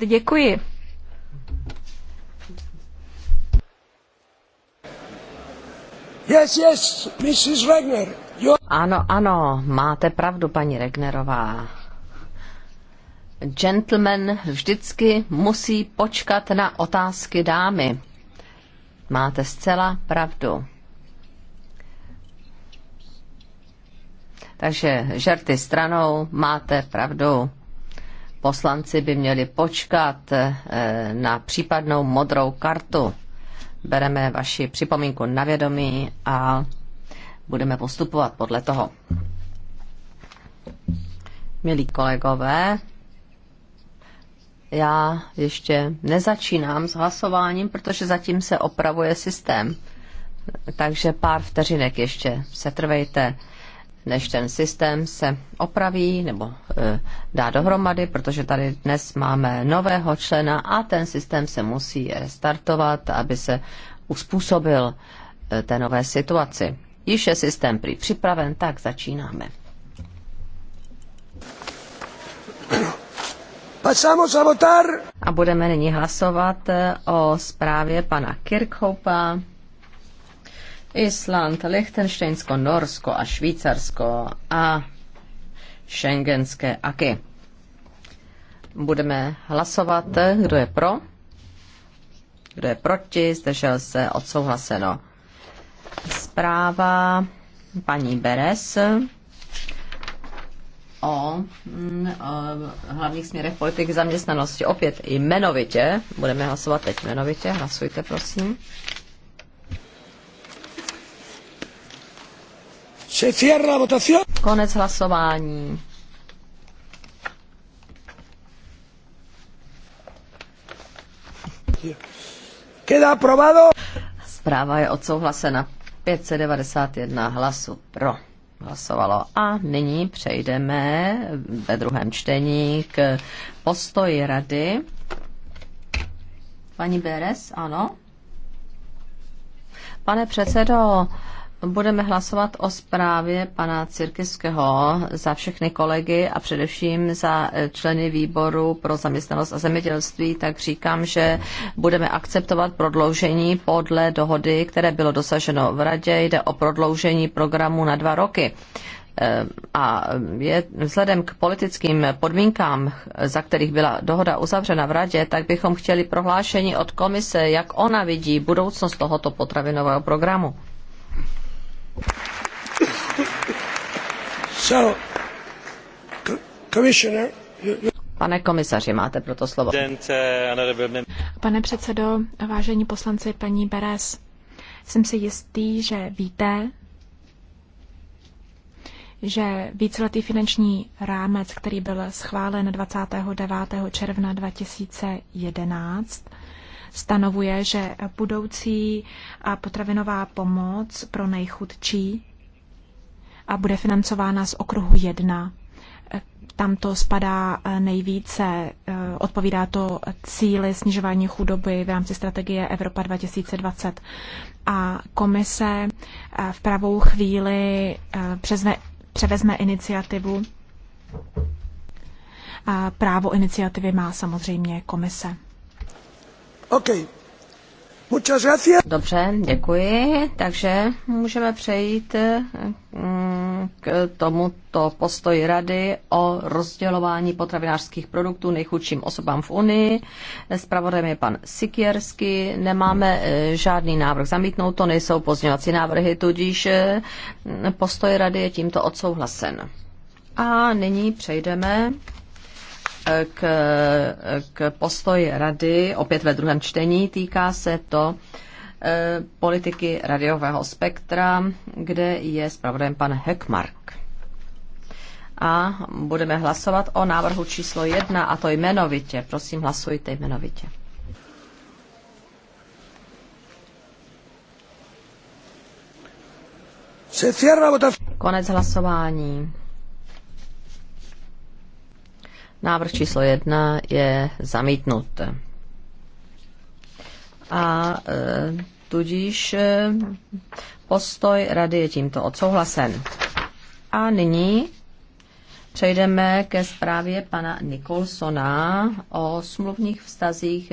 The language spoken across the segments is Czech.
Děkuji. Yes, yes, Mrs. Regner. You... Ano, ano, máte pravdu, paní Regnerová. Gentleman vždycky musí počkat na otázky dámy. Máte zcela pravdu. Takže žerty stranou, máte pravdu poslanci by měli počkat eh, na případnou modrou kartu. Bereme vaši připomínku na vědomí a budeme postupovat podle toho. Milí kolegové, já ještě nezačínám s hlasováním, protože zatím se opravuje systém. Takže pár vteřinek ještě setrvejte než ten systém se opraví nebo e, dá dohromady, protože tady dnes máme nového člena a ten systém se musí restartovat, aby se uspůsobil e, té nové situaci. Již je systém prý připraven, tak začínáme. Pasamos a votar. A budeme nyní hlasovat e, o zprávě pana Kirkhopa. Island, Liechtensteinsko, Norsko a Švýcarsko a Schengenské aky. Budeme hlasovat, kdo je pro, kdo je proti, zdržel se, odsouhlaseno. Zpráva paní Beres o mm, hlavních směrech politiky zaměstnanosti. Opět i jmenovitě, budeme hlasovat teď jmenovitě, hlasujte prosím. Se cierra la Konec hlasování. Queda aprobado. Zpráva je odsouhlasena. 591 hlasů pro hlasovalo. A nyní přejdeme ve druhém čtení k postoji rady. Paní Beres, ano. Pane předsedo, budeme hlasovat o zprávě pana Cirkiského za všechny kolegy a především za e, členy výboru pro zaměstnanost a zemědělství, tak říkám, že budeme akceptovat prodloužení podle dohody, které bylo dosaženo v radě. Jde o prodloužení programu na dva roky e, a je, vzhledem k politickým podmínkám, za kterých byla dohoda uzavřena v Radě, tak bychom chtěli prohlášení od komise, jak ona vidí budoucnost tohoto potravinového programu. Pane komisaři, máte proto slovo. Pane předsedo, vážení poslanci, paní Beres, jsem si jistý, že víte, že víceletý finanční rámec, který byl schválen 29. června 2011, stanovuje, že budoucí potravinová pomoc pro nejchudší a bude financována z okruhu 1. Tam to spadá eh, nejvíce, eh, odpovídá to cíli snižování chudoby v rámci strategie Evropa 2020. A komise eh, v pravou chvíli přezve, převezme iniciativu. A právo iniciativy má samozřejmě komise. Okay. Dobře, děkuji. Takže můžeme přejít k tomuto postoji rady o rozdělování potravinářských produktů nejchudším osobám v Unii. Spravodajem je pan Sikierský. Nemáme e, žádný návrh zamítnout, to nejsou pozměňovací návrhy, tudíž e, postoj rady je tímto odsouhlasen. A nyní přejdeme e, k, k postoji rady, opět ve druhém čtení, týká se to Eh, politiky radiového spektra, kde je zpravodajem pan Heckmark. A budeme hlasovat o návrhu číslo jedna, a to jmenovitě. Prosím, hlasujte jmenovitě. Konec hlasování. Návrh číslo jedna je zamítnut a e, tudíž e, postoj rady je tímto odsouhlasen. A nyní přejdeme ke zprávě pana Nikolsona o smluvních vztazích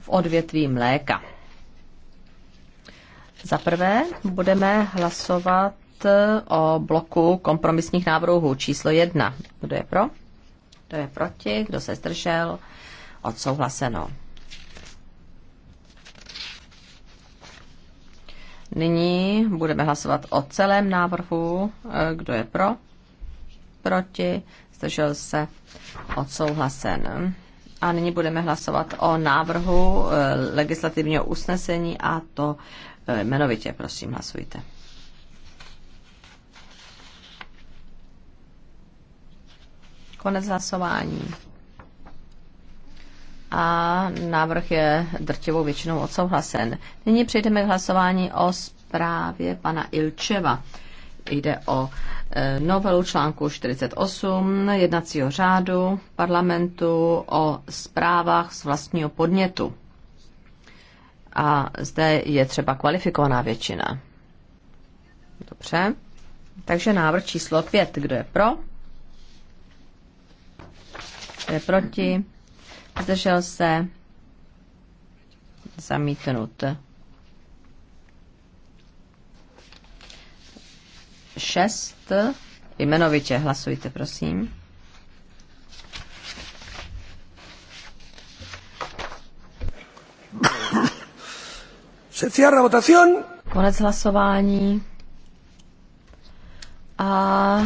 v odvětví mléka. Za prvé budeme hlasovat e, o bloku kompromisních návrhů číslo jedna. Kdo je pro? Kdo je proti? Kdo se zdržel? Odsouhlaseno. Nyní budeme hlasovat o celém návrhu. E, kdo je pro? Proti? Zdržel se? Odsouhlasen. A nyní budeme hlasovat o návrhu e, legislativního usnesení a to e, jmenovitě, prosím, hlasujte. Konec hlasování a návrh je drtivou většinou odsouhlasen. Nyní přejdeme k hlasování o zprávě pana Ilčeva. Jde o e, novelu článku 48 jednacího řádu parlamentu o zprávách z vlastního podnětu. A zde je třeba kvalifikovaná většina. Dobře. Takže návrh číslo 5. Kdo je pro? Kdo je proti? zdržel se, zamítnut. 6. Jmenovitě hlasujte, prosím. Se cierra votación. Konec hlasování. A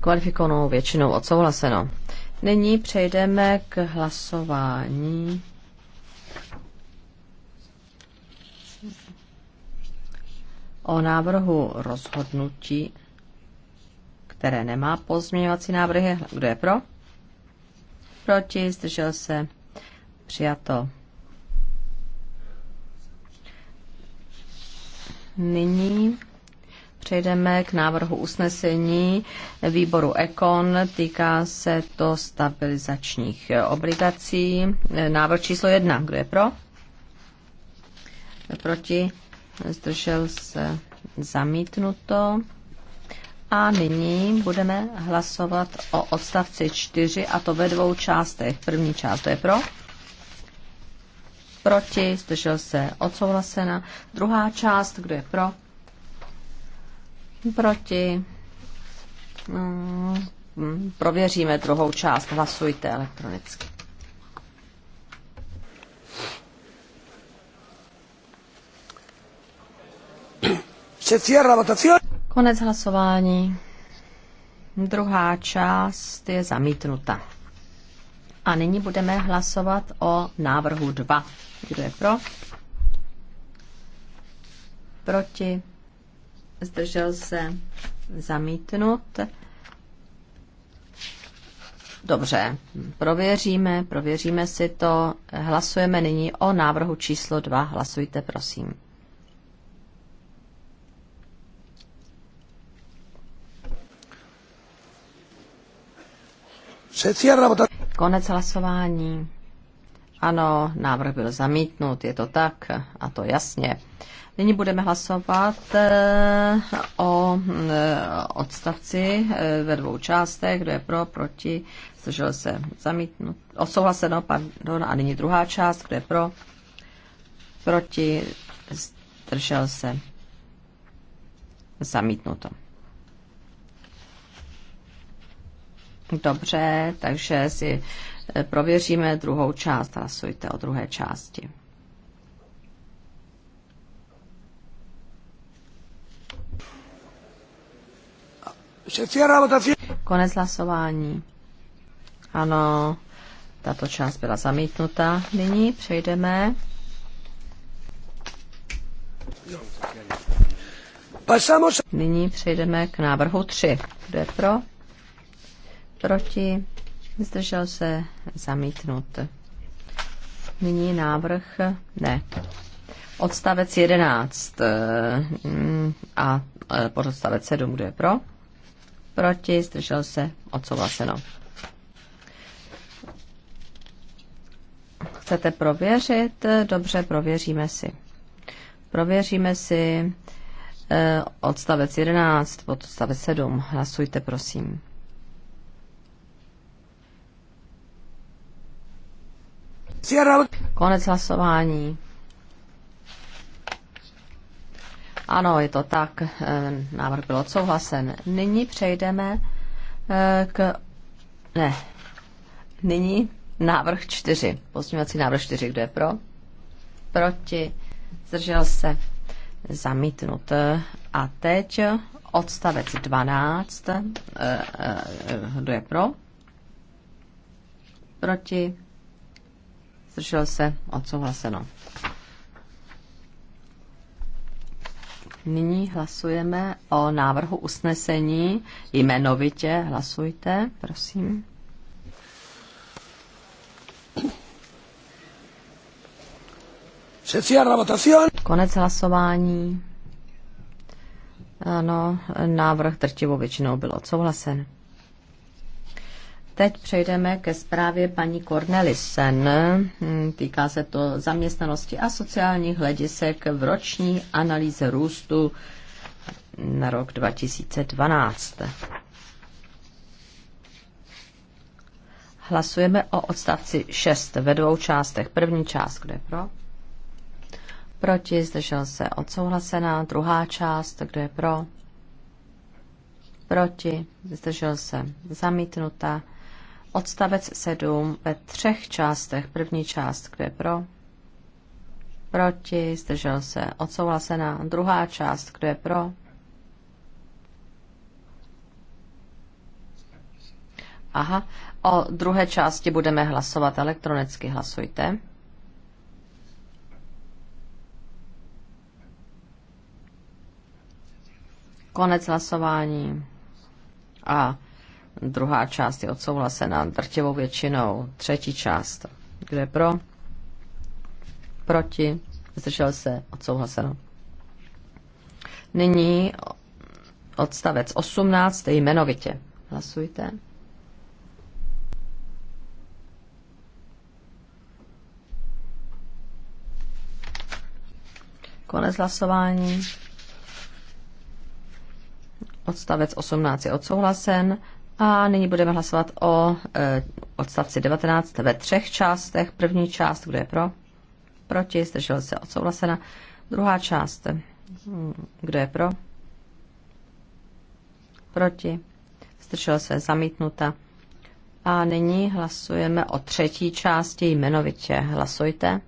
kvalifikovanou většinou odsouhlaseno. Nyní přejdeme k hlasování. O návrhu rozhodnutí, které nemá pozměňovací návrhy. Kdo je pro? Proti, zdržel se, přijato. Nyní Přejdeme k návrhu usnesení výboru Ekon. Týká se to stabilizačních obligací. Návrh číslo jedna. Kdo je pro? Proti? Zdržel se zamítnuto. A nyní budeme hlasovat o odstavci 4, a to ve dvou částech. První část to je pro, proti, zdržel se odsouhlasena. Druhá část, kdo je pro, Proti. Mm, mm, prověříme druhou část. Hlasujte elektronicky. Konec hlasování. Druhá část je zamítnuta. A nyní budeme hlasovat o návrhu 2. Kdo je pro? Proti? zdržel se, zamítnut. Dobře, prověříme, prověříme si to. Hlasujeme nyní o návrhu číslo 2. Hlasujte, prosím. Konec hlasování. Ano, návrh byl zamítnut, je to tak, a to jasně. Nyní budeme hlasovat eh, o eh, odstavci eh, ve dvou částech, kdo je pro, proti, zdržel se zamítnut, odsouhlaseno, pardon, a nyní druhá část, kdo je pro, proti, zdržel se zamítnuto. Dobře, takže si Eh, prověříme druhou část. Hlasujte o druhé části. Konec hlasování. Ano, tato část byla zamítnuta. Nyní přejdeme. Nyní přejdeme k návrhu 3. Kdo je pro? Proti? Zdržel se zamítnut. Nyní návrh ne. Odstavec 11 eh, a eh, podstavec 7, kdo je pro? Proti, zdržel se, odsouhlaseno. Chcete prověřit? Dobře, prověříme si. Prověříme si eh, odstavec 11, podstavec 7. Hlasujte, prosím. Konec hlasování. Ano, je to tak. Eh, návrh byl odsouhlasen. Nyní přejdeme eh, k... Ne. Nyní návrh čtyři. Pozměňovací návrh čtyři. Kdo je pro? Proti. Zdržel se. Zamítnut. A teď odstavec 12. Eh, kdo je pro? Proti zdržel se, odsouhlaseno. Nyní hlasujeme o návrhu usnesení. Jmenovitě hlasujte, prosím. Konec hlasování. Ano, návrh drtivou většinou byl odsouhlasen. Teď přejdeme ke zprávě paní Cornelisen. Hmm, týká se to zaměstnanosti a sociálních hledisek v roční analýze růstu na rok 2012. Hlasujeme o odstavci 6 ve dvou částech. První část, kde je pro? Proti, zdržel se odsouhlasená. Druhá část, kde je pro? Proti, zdržel se zamítnuta. Odstavec 7 ve třech částech. První část, kde pro? Proti, zdržel se, odsouhlasená. Druhá část, kde je pro? Aha, o druhé části budeme hlasovat elektronicky. Hlasujte. Konec hlasování. A Druhá část je odsouhlasena drtivou většinou. Třetí část. kde pro? Proti? Zdržel se? Odsouhlaseno. Nyní odstavec 18 jmenovitě. Hlasujte. Konec hlasování. Odstavec 18 je odsouhlasen. A nyní budeme hlasovat o e, odstavci 19 ve třech částech. První část, kdo je pro? Proti, zdržel se, odsouhlasena. Druhá část, kdo je pro? Proti, zdržel se, zamítnuta. A nyní hlasujeme o třetí části jmenovitě. Hlasujte.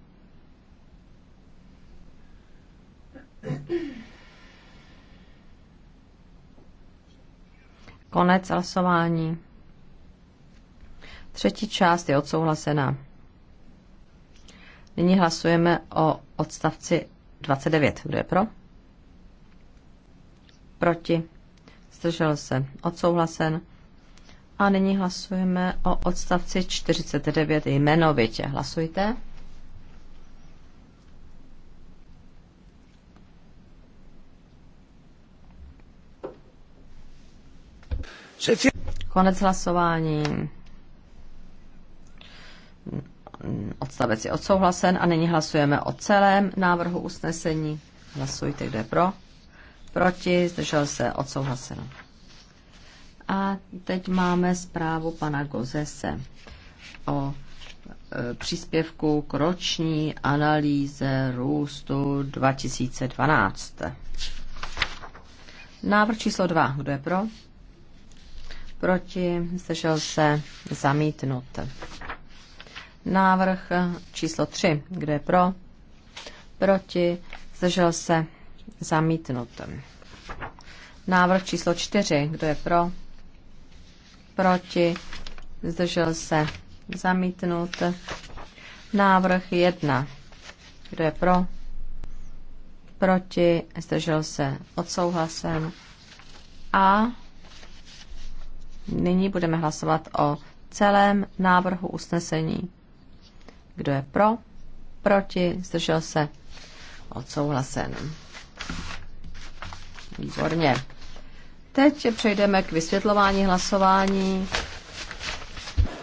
Konec hlasování. Třetí část je odsouhlasená. Nyní hlasujeme o odstavci 29. Kdo je pro? Proti? Zdržel se? Odsouhlasen. A nyní hlasujeme o odstavci 49 jmenovitě. Hlasujte. Konec hlasování. Odstavec je odsouhlasen a nyní hlasujeme o celém návrhu usnesení. Hlasujte, kde pro. Proti, zdržel se, odsouhlaseno. A teď máme zprávu pana Gozese o e, příspěvku k roční analýze růstu 2012. Návrh číslo 2. Kdo je pro? proti, zdržel se, zamítnut. Návrh číslo 3, kde je pro, proti, zdržel se, zamítnut. Návrh číslo 4, kdo je pro, proti, zdržel se, zamítnut. Návrh 1, kdo je pro, proti, zdržel se, odsouhlasen. A Nyní budeme hlasovat o celém návrhu usnesení. Kdo je pro? Proti? Zdržel se? Odsouhlasen. Výborně. Teď přejdeme k vysvětlování hlasování.